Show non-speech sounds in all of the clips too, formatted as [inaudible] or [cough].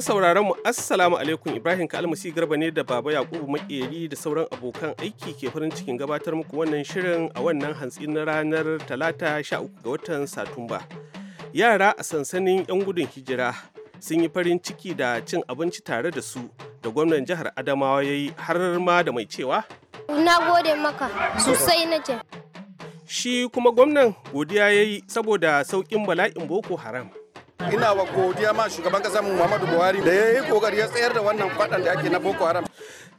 sauraron mu assalamu alaikum Ibrahim Kalmasi Garba ne da Baba Yakubu Makeri da sauran abokan aiki ke farin cikin gabatar muku wannan shirin a wannan hantsi na ranar Talata 13 ga watan Satumba. Yara a sansanin 'yan gudun hijira sun yi farin ciki da cin abinci tare da su da gwamnan jihar Adamawa ya yi har ma da mai cewa. Na gode maka sosai na Shi kuma gwamnan godiya ya yi saboda sauƙin bala'in Boko Haram. ina wa godiya ma shugaban kasar Muhammadu Buhari da yayi yi kokari ya tsayar da wannan fadan da ake na Boko Haram.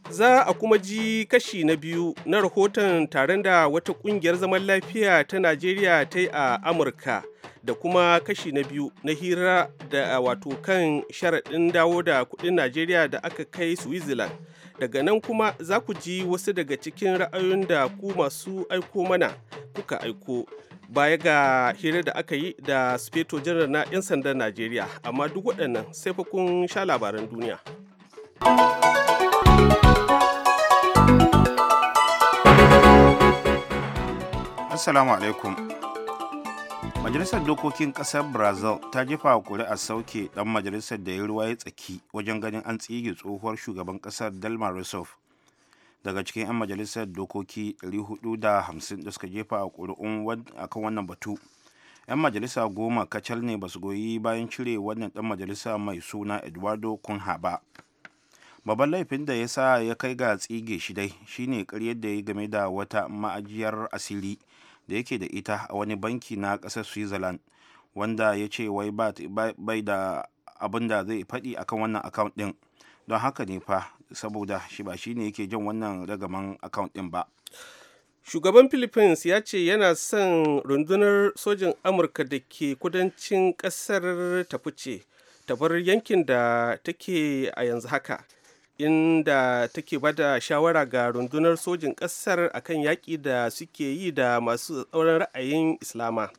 Za a kuma ji kashi na biyu na rahoton taron da wata kungiyar zaman lafiya ta Najeriya ta yi a Amurka da kuma kashi na biyu na hira da wato kan sharaɗin dawo da kuɗin Najeriya da aka kai Switzerland. daga nan kuma za ku ji wasu daga cikin ra'ayoyin da ku masu aiko mana kuka aiko baya ga hira da aka yi da speto jiran na 'yan sandan najeriya amma duk waɗannan sai fa kun sha labaran duniya assalamu alaikum majalisar dokokin ƙasar brazil ta jefa a sauke ɗan majalisar da ya ruwa ya tsaki wajen ganin an tsige tsohuwar shugaban ƙasar delmar rousseff daga cikin 'yan majalisar dokoki 450 da suka jefa a ƙuri'un akan wannan batu 'yan majalisa goma kacal ne ba su goyi bayan cire wannan ɗan majalisa mai suna eduardo kunha ba babban laifin da ya sa ya kai ga tsige shi dai shine karyar da ya game da wata ma'ajiyar asiri da yake da ita a wani banki na ƙasar switzerland wanda ya ce wai bai da abin da zai faɗi akan wannan akaunt ɗin don haka ne fa saboda shi ba shi ne yake jan wannan ragaman account ɗin ba shugaban philippines ya ce yana son rundunar sojin amurka da ke kudancin kasar ta fice ta bar yankin da take a yanzu haka inda take bada shawara ga rundunar sojin ƙasar akan yaƙi da suke yi da masu tsauran ra'ayin islama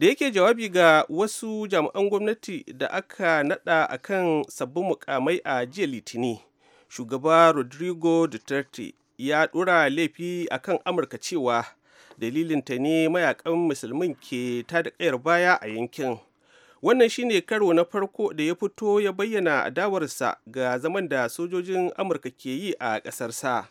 da yake jawabi ga wasu jami'an gwamnati da aka nada a kan sabbin mukamai a jiya litini shugaba rodrigo duterte ya ɗora laifi a kan amurka cewa dalilinta ne mayakan musulmin ke ta da kayar baya a yankin wannan shine karo na farko da ya fito ya bayyana adawarsa ga zaman da sojojin amurka ke yi a ƙasarsa. sa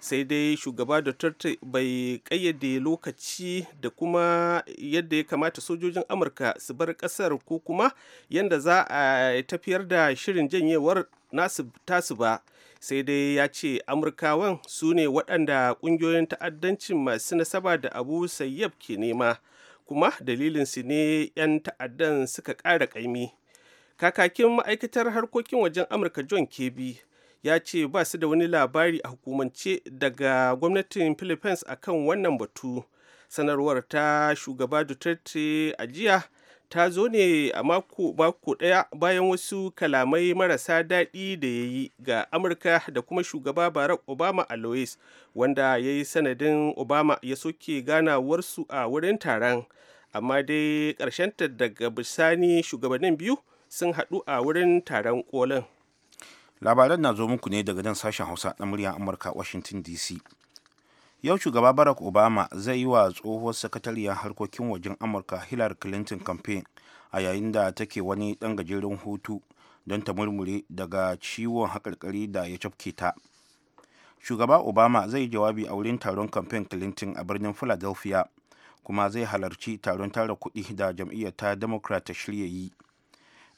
sai dai shugaba duterte bai kayyade lokaci da kuma yadda ya kamata sojojin amurka su bar kasar ko kuma yadda za a tafiyar da shirin janyewar nasu tasu ba sai dai ya ce amurkawan su ne waɗanda ƙungiyoyin ta'addancin masu nasaba da abu sayyaf ke nema kuma dalilinsu ne 'yan ta'addan suka ƙara ƙaimi kakakin ma'aikatar harkokin wajen amurka john kebi ya ce ba su da wani labari a hukumance daga gwamnatin philippines akan wannan batu sanarwar ta shugaba duterte a jiya ta zo ne a mako mako daya bayan wasu kalamai marasa daɗi da ya yi ga amurka da kuma shugaba barack obama a louis wanda ya yi sanadin obama ya soke ganawarsu a wurin taron amma dai ƙarshenta daga bisani shugabannin biyu sun haɗu a wurin taron kolin labaran na zo muku ne daga nan sashen hausa na muryar amurka washington dc yau shugaba barack obama zai yi wa tsohuwar sakatariyar harkokin wajen amurka hillary clinton campaign a yayin da take wani ɗan gajeren hutu don ta murmure daga ciwon haƙarƙari da ya cafke ta shugaba obama zai jawabi a wurin taron campaign clinton a birnin philadelphia kuma zai halarci taron tara kuɗi da jam'iyyar ta democrat ta shirya yi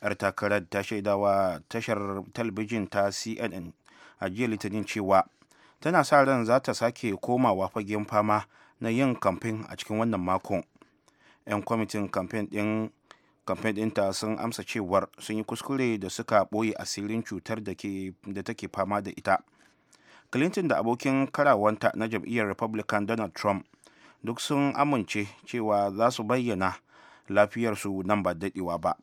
'yar takarar ta shaidawa tashar talabijin ta cnn a jiya litinin cewa tana sa ran za ta sake komawa fagen fama na yin kamfen a cikin wannan makon 'yan kwamitin kamfen din kamfen ɗinta sun amsa cewar sun yi kuskure da suka ɓoye asirin cutar da take fama da ita clinton da abokin karawanta na jam'iyyar republican donald trump duk sun amince cewa za su bayyana lafiyarsu nan ba daɗewa ba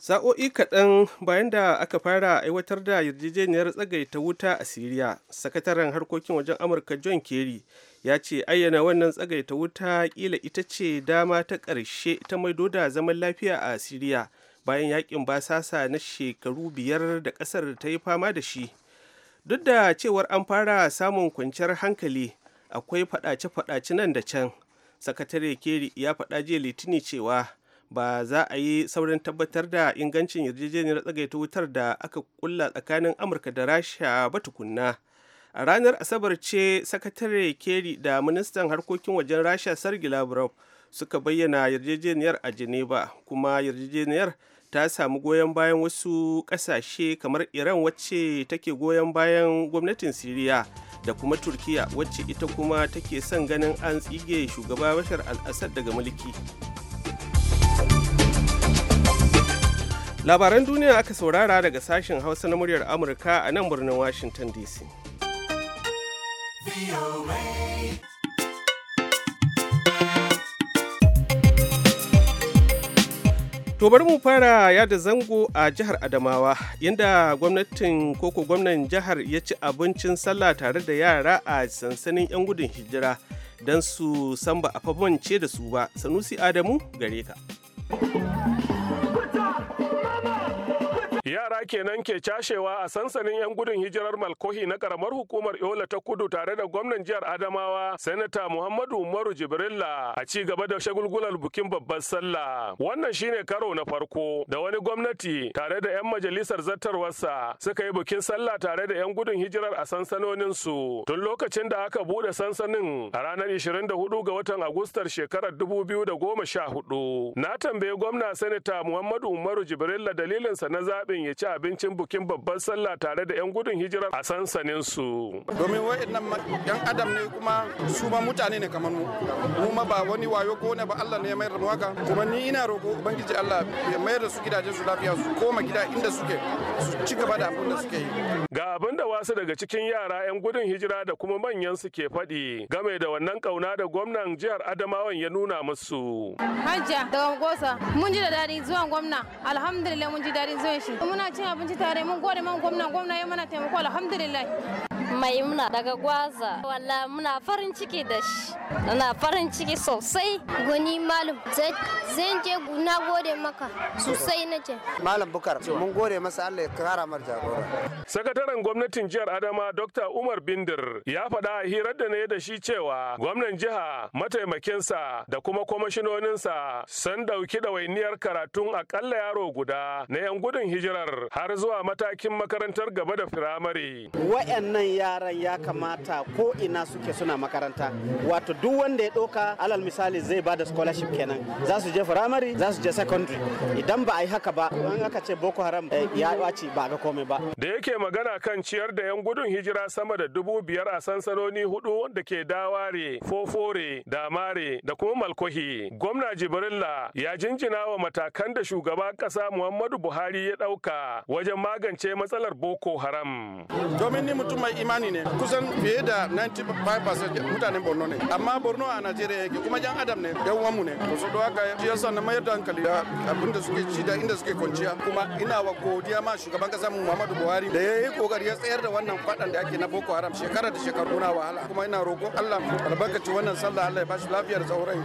sa'o'i kaɗan bayan da aka fara aiwatar da yarjejeniyar tsagaita wuta a siriya sakataren harkokin wajen amurka john kerry ya ce ayyana wannan tsagaita wuta kila ita ce dama ta ƙarshe ta maido da zaman lafiya a siriya bayan yakin basasa na shekaru biyar da ƙasar ta yi fama da shi duk da cewar an fara samun kwanciyar hankali akwai faɗace-faɗace nan da can sakatare keri ya faɗa jiya litini cewa ba za a yi saurin tabbatar da ingancin yarjejeniyar tsagaita wutar da aka kulla tsakanin amurka da rasha ba tukunna a ranar asabar ce sakatare keri da ministan harkokin wajen rasha sergi lavrov suka bayyana yarjejeniyar a geneva kuma yarjejeniyar ta samu goyon bayan wasu kasashe kamar iran wacce take goyon bayan gwamnatin siriya da kuma turkiya wacce ita kuma take son ganin an tsige shugaba bashar al daga mulki labaran duniya aka saurara daga sashen hausa na muryar amurka a nan birnin washington dc To bari mu fara yada zango a jihar Adamawa, inda gwamnatin koko gwamnan jihar ya ci abincin sallah tare da yara a sansanin 'yan gudun hijira don su san ba a famance da su ba. Sanusi Adamu gare ka. kenan ke cashewa a sansanin 'yan gudun hijirar Malkohi na karamar hukumar Yola ta Kudu tare da gwamnan jihar Adamawa, Sanata Muhammadu Umaru Jibrilla a ci gaba da shagulgular bukin babbar sallah. Wannan shine karo na farko da wani gwamnati tare da 'yan majalisar zattarwarsa suka yi bukin sallah tare da 'yan gudun hijirar a sansanonin su. Tun lokacin da aka bude sansanin a ranar hudu ga watan Agustar shekarar dubu biyu da goma sha hudu, Na tambaye gwamna Sanata Muhammadu Umaru Jibrilla dalilinsa na zaɓin ya ci abincin bukin babban sallah tare da 'yan gudun hijira a sansanin su. Domin wa'annan 'yan adam ne kuma su ba mutane ne kamar mu. Mu ma ba wani wayo ko ne ba Allah ne ya mayar da mu haka. Kuma ni ina roƙo Ubangiji Allah ya mayar da su gidajen su lafiya su koma gida inda suke su ci gaba da abin da suke yi. Ga abin da wasu daga cikin yara 'yan gudun hijira da kuma manyan su ke faɗi game da wannan kauna da gwamnan jihar Adamawan ya nuna musu. Hajja daga Gosa mun ji da daɗi zuwan gwamna alhamdulillah mun ji dadi zuwan shi. Muna cin abinci tare mun gode man gwamna gwamna ya mana taimako alhamdulillah maimuna daga gwaza walla muna farin ciki da shi muna farin ciki sosai goni malam zan je na gode maka sosai na ce malam bukar mun gode masa Allah ya kara mar jagora sakataren gwamnatin jihar adama dr umar bindir ya faɗa a hirar da yi da shi cewa gwamnan jiha mataimakinsa da kuma kwamashinoninsa sun ɗauki ɗawainiyar karatun akalla yaro guda na 'yan gudun hijirar har zuwa matakin makarantar gaba da firamare waɗannan yaran ya kamata ko ina suke suna makaranta wato duk wanda ya doka. alal misali zai bada scholarship kenan za su je firamare za su je secondary idan ba a yi haka ba an aka ce boko haram eh, ya ɓaci ba ga komai ba da yake magana kan ciyar da yan gudun hijira sama da dubu biyar a sansanoni hudu da ke daware fofore damare da kuma malkohi gwamna jibrilla ya jinjina wa matakan da shugaban kasa muhammadu buhari ya ɗauka wajen magance matsalar boko haram domin ni mutum mai imani imani ne kusan fiye da 95% mutanen borno ne amma borno a najeriya yake kuma yan adam ne yan uwanmu ne to su haka shi yasa na mayar da hankali da abin da suke ci da inda suke kwanciya kuma ina wa godiya ma shugaban kasa mu muhammadu buhari da ya yi kokari ya tsayar da wannan fadan da ake na boko haram shekara da shekaru na wahala kuma ina roƙon allah albarkaci wannan sallah allah ya bashi lafiyar tsaurai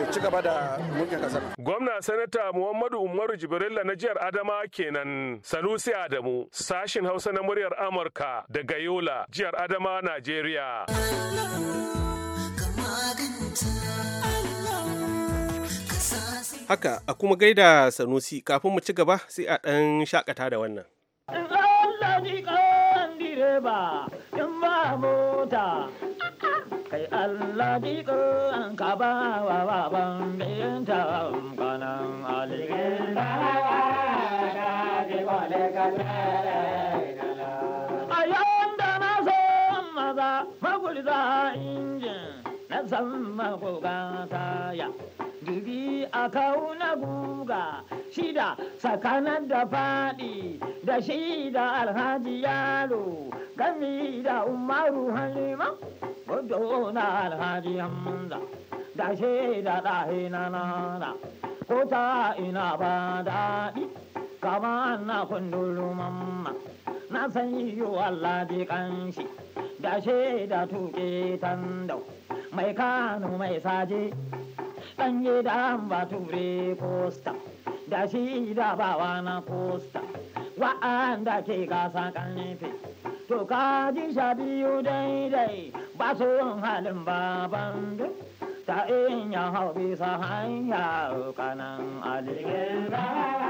ya ci gaba da mulkin kasar gwamna sanata muhammadu umaru jibrilla na jihar adama kenan sanusi adamu sashin hausa na muryar amurka daga yola jihar Adama, Najeriya. Haka a kuma gaida Sanusi kafin mu ci gaba sai a ɗan shakata da wannan. kai Allah ji an ka ba wa wa ban binta kanan alikin ba wa ji kwale zama goga ya dubi a kauna guga shida tsakanin da faɗi da shida alhaji yaro gami da umaru halima gudu na alhaji hamza da shida ɗahe na nana ko ta ina ba daɗi kama na kundulu mamma na san yi Allah bi kanshi da da tuƙe tandau mai kanu mai saje ɗanye da bature kosta da shi da bawa na kosta wa'anda ke gasa ƙarfe to kaji sha biyu daidai ba su halin baban duk ta in ya hau bisa hanya kanan alirgin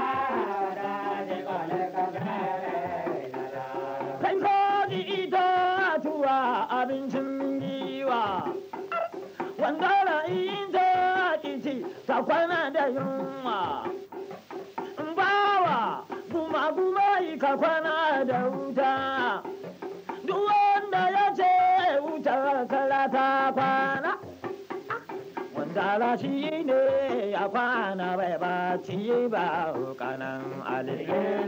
abincin giwa wanda ra'ayin ta kici kwana da yunwa bawa kuma yi ka kwana da wuta duk wanda ya ce wuta kala ta kwana Dala shi ne ya kwana bai ba ci ba kanan alilin.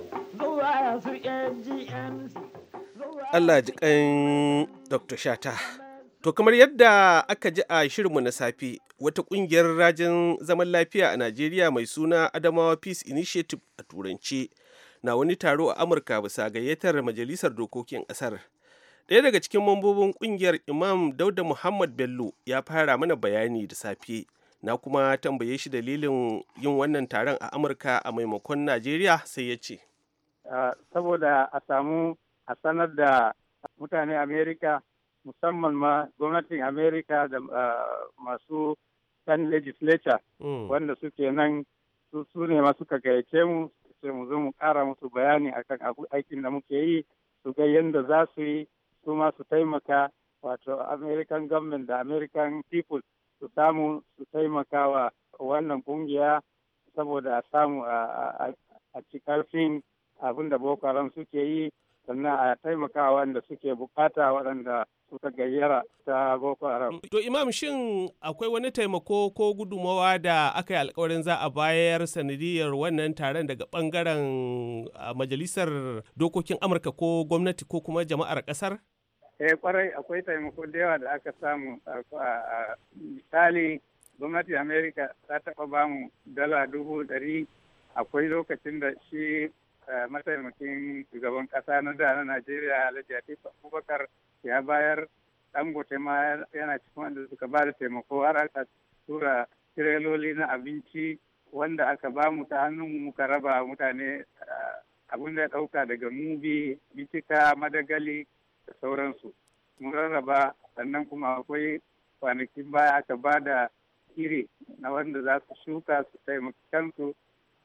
Allah ji kan Dr. Shata. To kamar yadda aka ji a shirinmu na safe, wata ƙungiyar rajin zaman lafiya a Najeriya mai suna Adamawa Peace Initiative a Turance na wani taro a Amurka bisa gayyatar Majalisar Dokokin Ƙasar. Daya daga cikin mambobin ƙungiyar Imam Dauda Muhammad Bello ya fara mana bayani da safe. Na kuma tambaye shi dalilin yin wannan taron a Amurka a maimakon Najeriya sai ya ce. Saboda a samu a sanar da mutane amerika musamman ma gwamnatin amerika da uh, masu kan legislature hmm. wanda suke nan su ne masu gayyace mu sai mu zo mu kara musu bayani akan aikin da muke yi su ga yadda za su yi su ma su taimaka wato american government da american people su samu su taimaka wa wannan kungiya saboda a samu a ci abin da bokaran suke yi sannan a taimaka wanda suke bukata waɗanda suka gayyara ta Boko Haram. To Imam shin akwai wani taimako ko gudumawa da aka yi alkawarin za a bayar sanadiyar wannan taron daga bangaren majalisar dokokin Amurka ko gwamnati ko kuma jama'ar ƙasar? Eh kwarai akwai taimako da yawa da aka samu a misali gwamnati Amerika ta taɓa bamu dala dubu ɗari akwai lokacin da shi Eh, mataimakin shugaban kasa na da na Najeriya Alhaji Atiku Abubakar ya bayar ɗangote ma yana cikin wanda suka ba da taimako har aka tura tireloli na abinci wanda aka ba mu ta hannun mu ka raba mutane eh, abin da ya ɗauka daga mubi, bicika, madagali da sauransu. Mun rarraba sannan kuma akwai kwanakin baya aka ba da iri na wanda za su shuka su taimaki kansu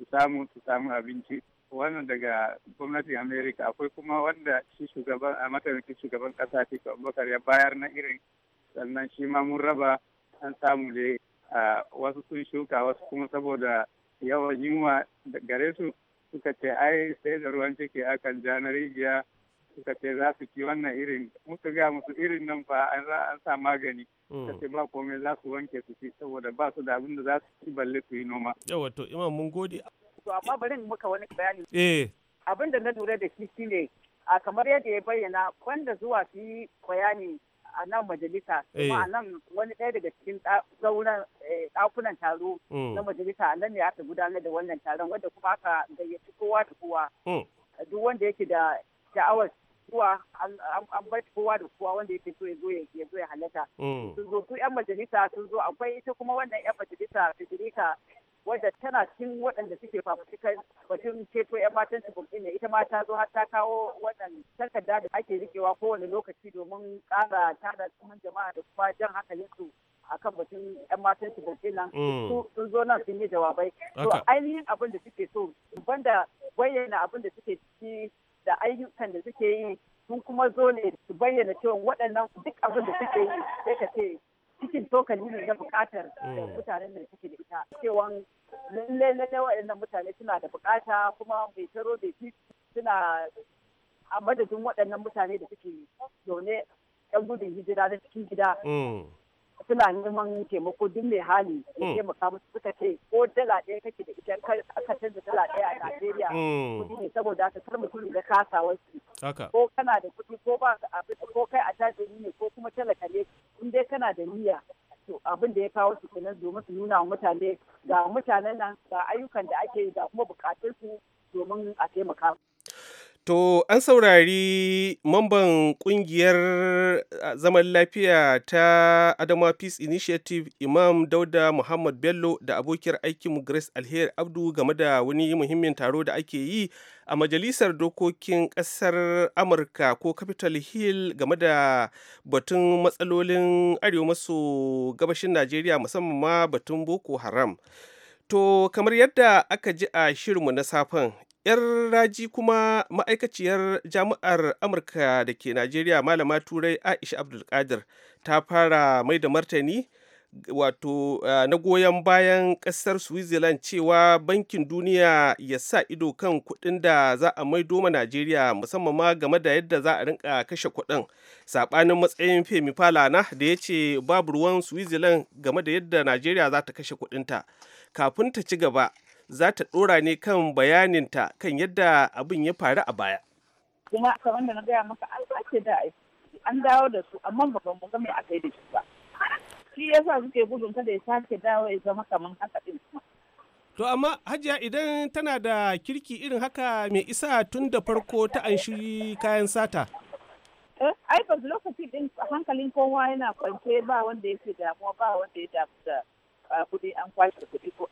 su samu su samu abinci. wannan daga gwamnatin america akwai kuma wanda shi shugaban a mataimakin shugaban kasa tiko abubakar ya bayar na irin sannan shi ma mun raba an samu dai wasu sun shuka wasu kuma saboda yawan yunwa gare su suka ce ai sai da ruwan ciki akan ja na rijiya suka ce za su ci wannan irin musu ga musu irin nan ba an an sa magani mm. suka ce ba komai za su wanke su ci saboda ba su da abin da za su ci balle su yi noma yawa to imam mun gode to amma bari muka wani bayani eh abin da na lura da shi shine a kamar yadda ya bayyana kwanda zuwa su yi bayani a nan majalisa eh. kuma a nan wani ɗaya daga cikin sauran eh, ɗakunan taro mm. na majalisa a nan ne aka gudanar da wannan taron wanda kuma aka gayyaci kowa da kowa mm. duk wanda yake da sha'awar zuwa an bar kowa da kowa wanda yake so ya zo ya zo ya halatta mm. sun zo su yan majalisa sun zo akwai ita kuma wannan yan majalisa Federica wadda tana cin waɗanda suke fafutukar batun ceto 'yan matan su ne ita ma ta zo har ta kawo wannan takarda da ake rikewa kowane lokaci domin ƙara tada tsohon jama'a da kuma jan hankalin su akan batun 'yan matan mm. su bulkin nan sun zo nan sun yi jawabai to ainihin abin da suke so banda bayyana abin da suke ciki da ayyukan da suke yi sun kuma zo ne su bayyana cewa waɗannan duk abin da suke yi sai ka ce cikin tokani ne da bukatar da mm. mutanen da suke da ita cewa lalle lalle waɗannan mutane suna da bukata kuma mai taro da suna a madadin waɗannan mutane da suke zaune ɗan gudun hijira da cikin gida mm. suna neman taimako duk mai hali ya hmm. taimaka musu suka ce ko dala ɗaya kake da ita aka canza dala ɗaya a Najeriya hmm. kudi ne saboda ka kar mutum ga kasawar su ko kana da kudi ko ba ko kai a tajiri ne ko kuma talaka ne in dai kana da niyya to abin da ya kawo su kenan domin su nuna wa mutane ga mutanen nan ga ayyukan da ake yi ga kuma bukatun su domin a taimaka To an saurari mamban kungiyar zaman lafiya ta Adama Peace Initiative Imam Dauda Muhammad Bello da abokiyar aikinmu Grace Alheri Abdu game da wani muhimmin taro da ake yi a Majalisar Dokokin Ƙasar Amurka ko Capitol Hill game da batun matsalolin Arewa maso gabashin Najeriya musamman ma batun Boko Haram. To kamar yadda aka ji a shirinmu na safen yar raji kuma ma'aikaciyar jami'ar amurka da ke najeriya malama turai aisha abdulkadir ta fara mai da martani wato na goyon bayan ƙasar switzerland cewa bankin duniya ya sa ido kan kuɗin da za a maido ma najeriya musamman ma game da yadda za a rinka kashe kuɗin saɓanin matsayin femi falana da ya ce babu ruwan switzerland game da yadda najeriya za ta kashe kuɗinta kafin ta ci gaba za ta ɗora ne kan bayaninta kan yadda abin ya faru a baya. Kuma akwai wanda na gaya maka an sace da an dawo da su amma ba mu ga mai aka yi da shi ba. Shi yasa suke gudun kada ya sake dawo ya zama kamar haka din. To amma hajiya idan tana da kirki irin haka mai isa tun da farko ta an shiri kayan sata. Eh, ai ba lokaci din hankalin kowa yana kwance ba wanda yake damuwa ba wanda ya damu da ah, kuɗi an kwashe kuɗi ko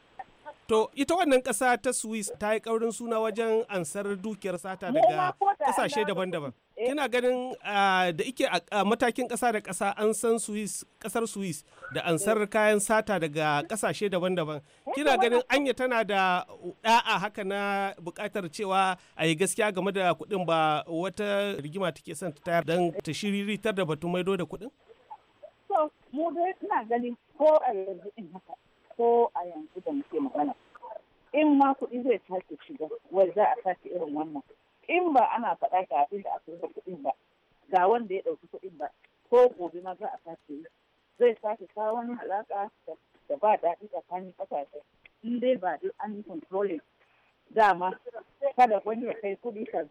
To ita wannan ƙasa ta Swiss ta yi ƙaurin suna wajen ansar dukiyar sata daga ƙasashe daban-daban. Eh. Kina ganin ah, da ike a matakin ƙasa da ƙasa an san Swiss ƙasar Swiss da ansar eh. kayan sata daga ƙasashe daban-daban. Eh, Kina ganin anya tana da ɗa'a haka na buƙatar cewa a yi gaskiya game da kuɗin ba wata rigima take son ta tayar don ta shiriritar da batun maido da kuɗin? ko a yanzu da muke magana in ma kuɗi zai sake shiga wai za a sake irin wannan in ba ana faɗa ga abin da aka yi kuɗin ba ga wanda ya ɗauki kuɗin ba ko gobe ma za a sake yi zai sake kawo wani alaƙa da ba daɗi tsakanin ƙasashe in dai ba dai an yi controlling dama kada wani ya kai kuɗi kan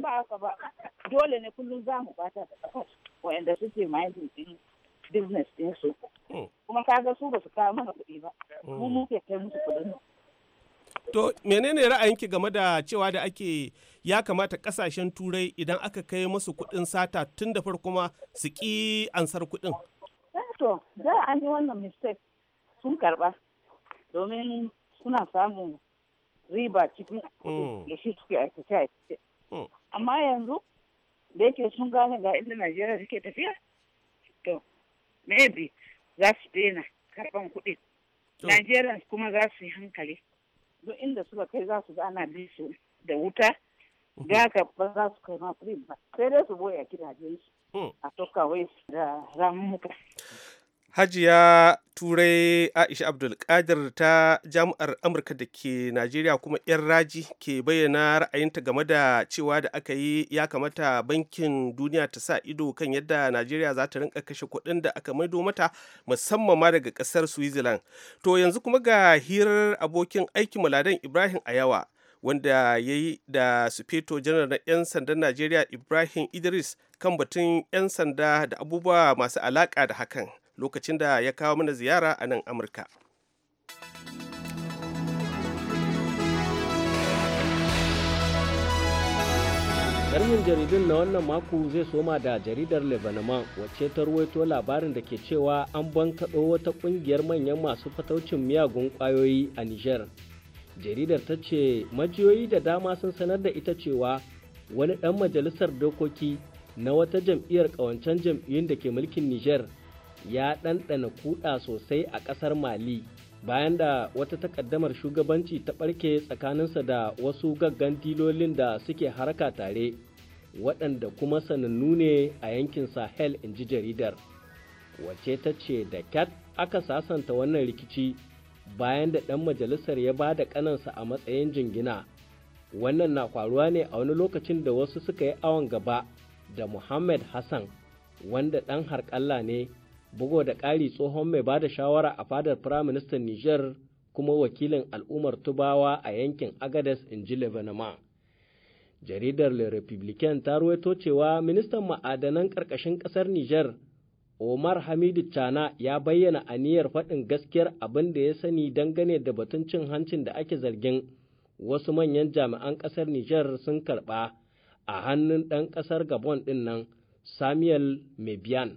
ba ka ba dole ne kullum za mu bata da ƙasashe waɗanda suke mahaifin business din su hmm. kuma kaga su ba su kawo mana kuɗi ba hmm. mu muke kai musu kuɗin To menene ra'ayinki game da cewa da ake ya kamata kasashen turai idan aka kai musu kuɗin sata tun da farko ma su ƙi ansar kuɗin? Eh, to, da an yi wannan mistake sun karɓa domin suna samun riba cikin hmm. da shi suke aikace aikace. Amma yanzu da yake sun gane ga inda Najeriya suke tafiya, maybe za su daina karban kuɗi. Najeriya kuma za su yi hankali. Duk inda suka kai za su ana bin su da wuta. Da mhm. haka ba za su kai ma ba. Sai dai su boya gidajen su. Hmm. A tokawai da ramuka. Hajiya turai aisha abdulkadir ta jami'ar amurka da ke najeriya kuma 'yan raji ke bayyana ra'ayinta game da cewa da aka yi ya kamata bankin duniya ta sa ido kan yadda najeriya za ta rinka kashe kuɗin da aka maido mata musamman ma daga ƙasar switzerland to yanzu kuma ga hirar abokin aiki muladan ibrahim ayawa wanda ya yi da sufeto janar na 'yan sandan najeriya ibrahim idris kan batun 'yan sanda da abubuwa masu alaƙa da hakan lokacin da ya kawo mana ziyara a nan amurka karmin jaridun na wannan mako zai soma da jaridar lebanon wacce ta ruwaito labarin da ke cewa an bankaɗo wata ƙungiyar manyan masu fataucin miyagun ƙwayoyi a niger jaridar ta ce majiyoyi da dama sun sanar da ita cewa wani ɗan majalisar dokoki na wata jam'iyyar ƙawancen jam'iyyun da ke mulkin niger ya ɗanɗana kuɗa sosai a ƙasar mali bayan da wata takaddamar shugabanci ta ɓarke tsakaninsa da wasu gaggan dilolin da suke haraka tare waɗanda kuma sanannu ne a yankin sahel in ji jaridar wace ta ce da Kat aka sasanta wannan rikici bayan da ɗan majalisar ya ba da ƙanansa a matsayin jingina wannan na faruwa ne a wani lokacin da wasu suka yi awon gaba da muhammad hassan wanda ɗan harƙalla ne bugo da ƙari tsohon mai ba da shawara a fadar firaministan Nijar kuma wakilin al'ummar tubawa a yankin Agades inji Lebanama. Jaridar Le Republican ta ruwaito cewa ministan ma'adanan ƙarƙashin ƙasar Nijar Omar Hamidu Chana ya bayyana aniyar faɗin gaskiyar abin da ya sani dangane da batun cin hancin da ake zargin wasu manyan jami'an ƙasar Nijar sun karɓa a hannun ɗan ƙasar Gabon ɗin nan Samuel Mebian.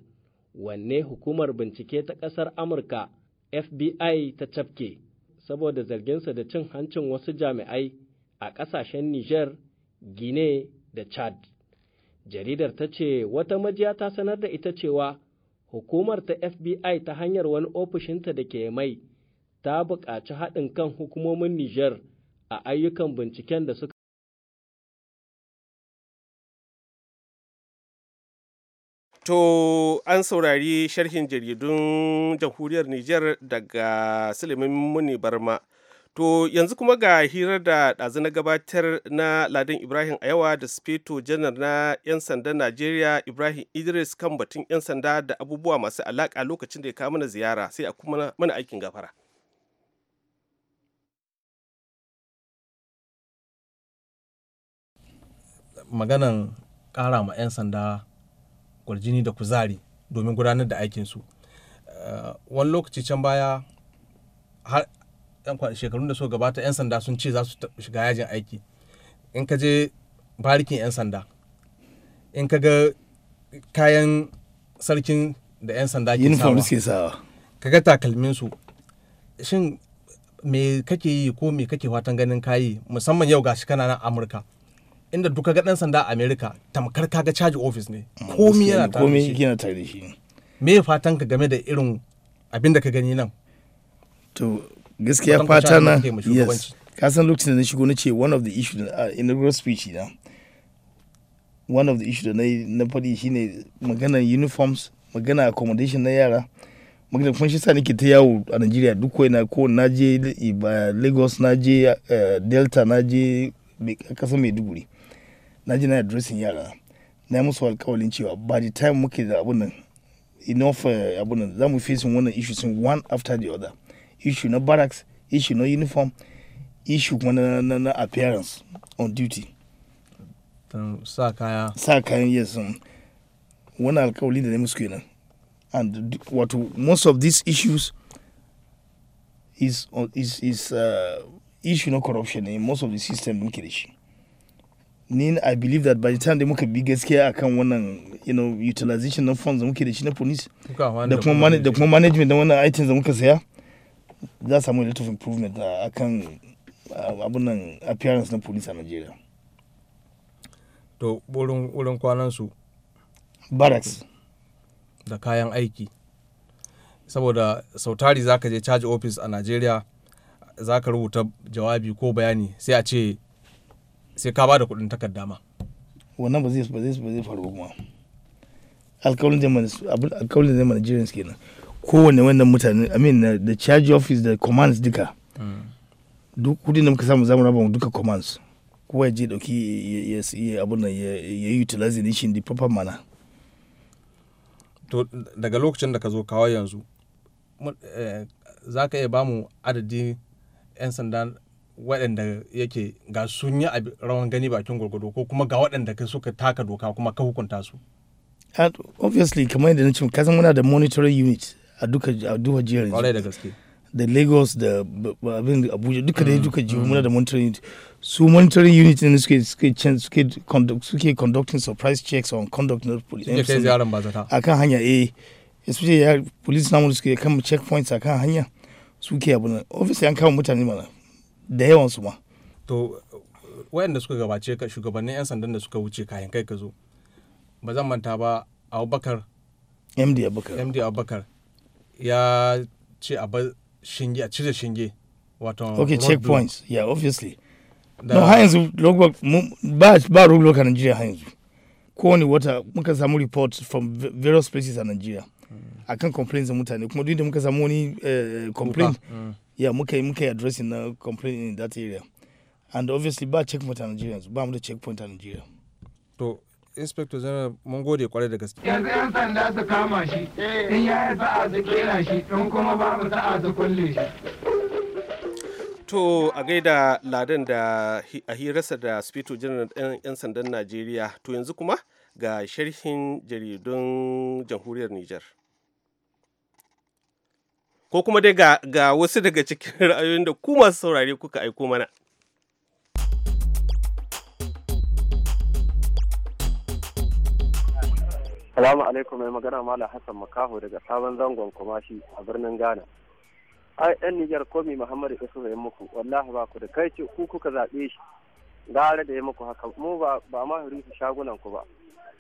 wanne hukumar bincike ta ƙasar Amurka FBI ta cafke saboda zarginsa da cin hancin wasu jami'ai a ƙasashen Nijar, Gine da Chad. Jaridar ta ce wata majiya ta sanar da ita cewa hukumar ta FBI ta hanyar wani ofishinta da ke mai ta buƙaci haɗin kan hukumomin Nijar a ayyukan binciken da suka To an saurari sharhin jaridun jamhuriyar Nijar daga Suleiman Muni Barma. To yanzu kuma ga hirar da ɗazu na gabatar na Ladin Ibrahim Ayawa da Sufeto janar na 'yan sanda Najeriya Ibrahim Idris kan batun 'yan sanda da abubuwa masu alaƙa lokacin da ya kawo mana ziyara sai a kuma mana aikin gafara. Maganan ƙara ma 'yan sanda kwarjini da kuzari domin gudanar da aikinsu eh, wani lokaci can baya har shekarun da suka gabata 'yan sanda sun ce za su shiga yajin aiki in ka je barikin 'yan sanda in ka ga kayan sarkin da 'yan sanda ke sawa ka ga takalminsu shin me kake yi ko me kake watan ganin kayi musamman yau gashi kana nan amurka inda duka ga dan sanda a America tamkar kaga charge office ne mm, komi yana tare komi yana tare da shi me fatan ka game da irin abin da ka gani nan to gaskiya fata na yes ka san lokacin da na shigo na ce one of the issue uh, in the speech na one of the issue na na fadi shine magana uniforms magana accommodation na yara magana kuma shi sa nake ta yawo a Najeriya duk ko na ko na je eh, Lagos na je eh, Delta na je kasar Maiduguri na ji na addressing yara na musu alkawalin cewa by the time muke da abun nan enough eh, abun nan za mu facing wannan issues one after the other issue na barracks issue na uniform issue kuma na, na, appearance on duty sa kaya sa kayan yes um, wani alkawali da na musu kenan and wato most of these issues is is is uh, issue no corruption in most of the system muke da shi ni i believe that by the time da muka bi gaskiya akan wannan you know utilization na funds da muke da shi na police da kuma da kuma management da wannan items da muka saya za samu a lot of improvement uh, akan uh, abun nan appearance na police a Nigeria to wurin wurin kwanan su barracks da kayan aiki saboda sautari zaka je charge office a Nigeria zaka rubuta jawabi ko bayani sai a ce sai ka ba da kuɗin takarda ma wannan ba zai ba zai ba zai faru kuma alkawalin zaman abin mana zaman Nigerians kenan kowanne wannan mutane I mean uh, the charge office da commands duka hmm. duk kudin da muka samu zamu raba duka commands kowa je dauki ya abun nan ya yi utilizing shi the proper mana. to daga lokacin da ka zo kawai yanzu eh, za ka iya bamu adadi 'yan sanda waɗanda yake ga sun yi rawan gani bakin gwargwado ko kuma ga waɗanda ka suka taka doka kuma ka hukunta su obviously kamar yadda na ce kasan muna da monitoring unit a duka a duka jihar da gaske da lagos da abin abuja duka da mm. duka jihu muna da mm. monitoring unit su monitoring unit ne suke suke suke suke conducting surprise checks on conduct na police suke kai ziyaran bazata kan hanya eh especially ya police namu suke kan checkpoints kan hanya suke abu na obviously an kama mutane mana da yawan su ma to wayanda suka gabace ka shugabannin 'yan sandan da suka wuce kayan kai ka zo ba zan manta ba abubakar md abubakar md abubakar ya ce a bar shinge a cire shinge wato ok checkpoints yeah obviously no ha yanzu ba ba road block nigeria ha yanzu kowane wata muka samu report from various places a nigeria mm. akan complaints da mutane kuma duk da muka samu wani eh, complaint yeah muka muka addressing na complaint in that area and obviously ba checkpoint a Nigeria ba mu da checkpoint a Nigeria to inspector general mun gode kwarai da gaske yanzu yan sanda su kama shi in ya yi sa'a su kera shi in kuma ba mu sa'a su kulle shi To a gaida ladan da a hirarsa da Spito Janar 'yan sandan Najeriya to yanzu kuma ga sharhin jaridun jamhuriyar niger. ko kuma dai ga, wasu daga cikin [laughs] ra'ayoyin da ku masu saurare kuka aiko mana. Salamu alaikum mai magana Malam Hassan Makaho daga sabon zangon kumashi a birnin Ghana. Ai ɗan Nijar komi Muhammadu Isu ya muku wallahi ba ku da kai ce ku kuka zaɓe shi gara da ya muku haka mu ba ba ma rufe shagunan ku ba.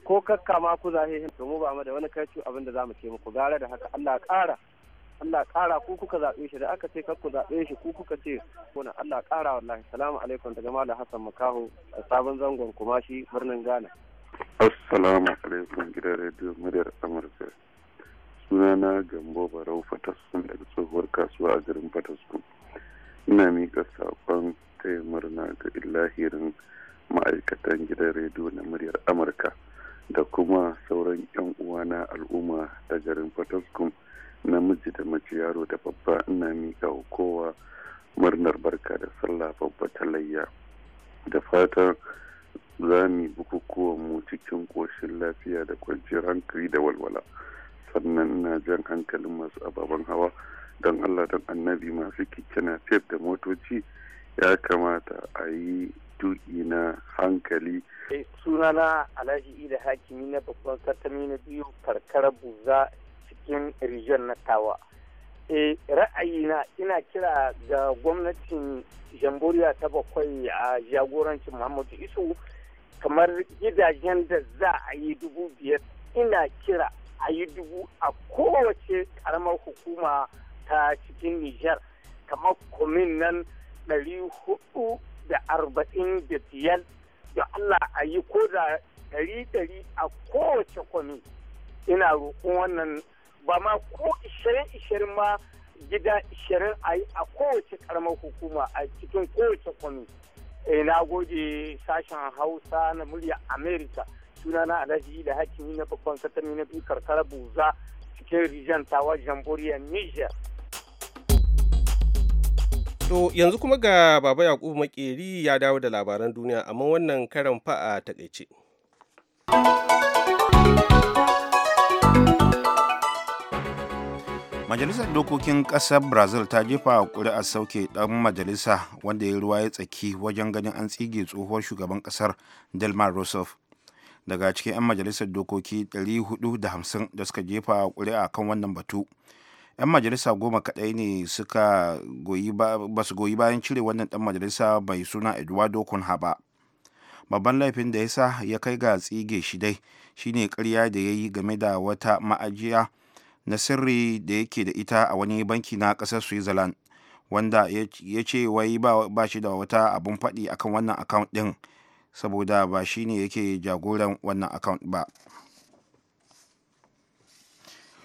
Ko kakka ma ku zahe mu ba mu da wani kai abin da za mu ce muku gara da haka Allah ƙara. Allah ƙara ku kuka zaɓe shi da aka ce kar ku zaɓe shi ku kuka ce kuna Allah ƙara wallahi salamu alaikum daga Malam Hassan Makaho a sabon zangon kumashi birnin Ghana. Assalamu alaikum gidan rediyo muryar Amurka. Sunana Gambo Barau Fataskun daga tsohuwar kasuwa a garin Fataskun. Ina miƙa Jigawa. E ra'ayina ina kira ga gwamnatin jamhuriya ta bakwai a jagorancin Muhammadu Isu kamar gidajen da za a yi dubu biyar ina kira a yi dubu a kowace karamar hukuma ta cikin Nijar kamar kumin nan ɗari hudu da arba'in da biyar da Allah a yi ko da ɗari ɗari a kowace kwami ina roƙon wannan ba ma ko ishirin ishirin ma gida ishirin a yi a kowace karamar hukuma a cikin kowace kwami eh, na gode sashen hausa na murya america na alhaji da hakimi na babban katami na biyu karkara buza cikin rijiyar tawa jamhuriyar niger To yanzu kuma ga Baba Yakubu Makeri ya dawo da labaran duniya amma wannan karan fa'a a takaice. majalisar dokokin ƙasar brazil ta jefa a sauke ɗan majalisa wanda ya ruwa ya tsaki wajen ganin an tsige tsohuwar shugaban ƙasar delmar rousseff daga cikin 'yan majalisar dokoki 450 da suka jefa ƙuri'a kan wannan batu 'yan majalisa goma kaɗai ne suka ba su goyi bayan cire wannan ɗan majalisa mai suna eduardo kunha ba babban laifin da ya sa ya kai ga tsige shi dai shine karya da ya yi game da wata ma'ajiya na sirri da yake da ita a wani banki na ƙasar switzerland wanda ya ce wai ba shi da wata abun faɗi akan wannan account ɗin saboda ba shi ne yake jagoran wannan account ba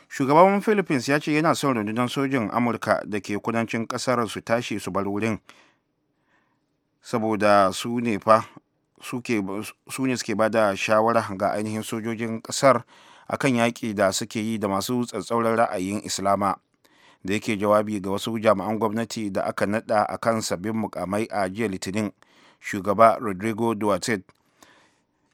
shugaban philippines ya ce yana son rundunar sojin amurka da ke kudancin kasar su tashi su bar wurin saboda su ne fa su ne suke ba da shawara ga ainihin sojojin kasar akan yaƙi da suke yi da masu tsatsauran ra'ayin islama da yake jawabi ga wasu jami'an gwamnati da aka naɗa a kan sabbin mukamai a jiya litinin shugaba rodrigo duarte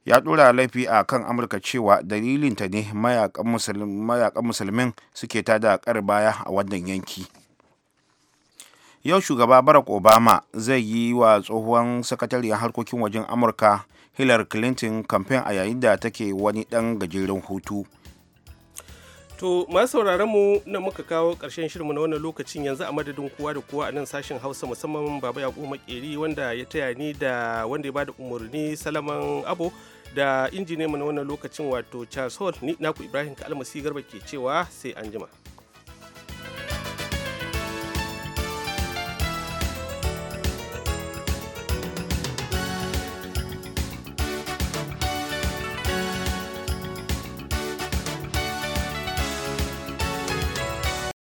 ya ɗora laifi a kan amurka cewa dalilinta ne mayakan musulmin suke da kar baya a wannan yanki yau shugaba barack obama zai yi wa tsohon sakatariyar harkokin wajen amurka hillary clinton kamfen a yayin da take wani ɗan gajeren hutu To masu sauraron mu na muka kawo ƙarshen shirinmu na wannan lokacin yanzu a madadin kowa da kowa a nan sashen Hausa musamman Baba Yakubu Makeri wanda ya taya ni da wanda ya ba da umarni Salaman Abo da injiniyanmu na wannan lokacin wato Charles Hall ni naku Ibrahim Kalmasi Garba ke cewa sai anjima.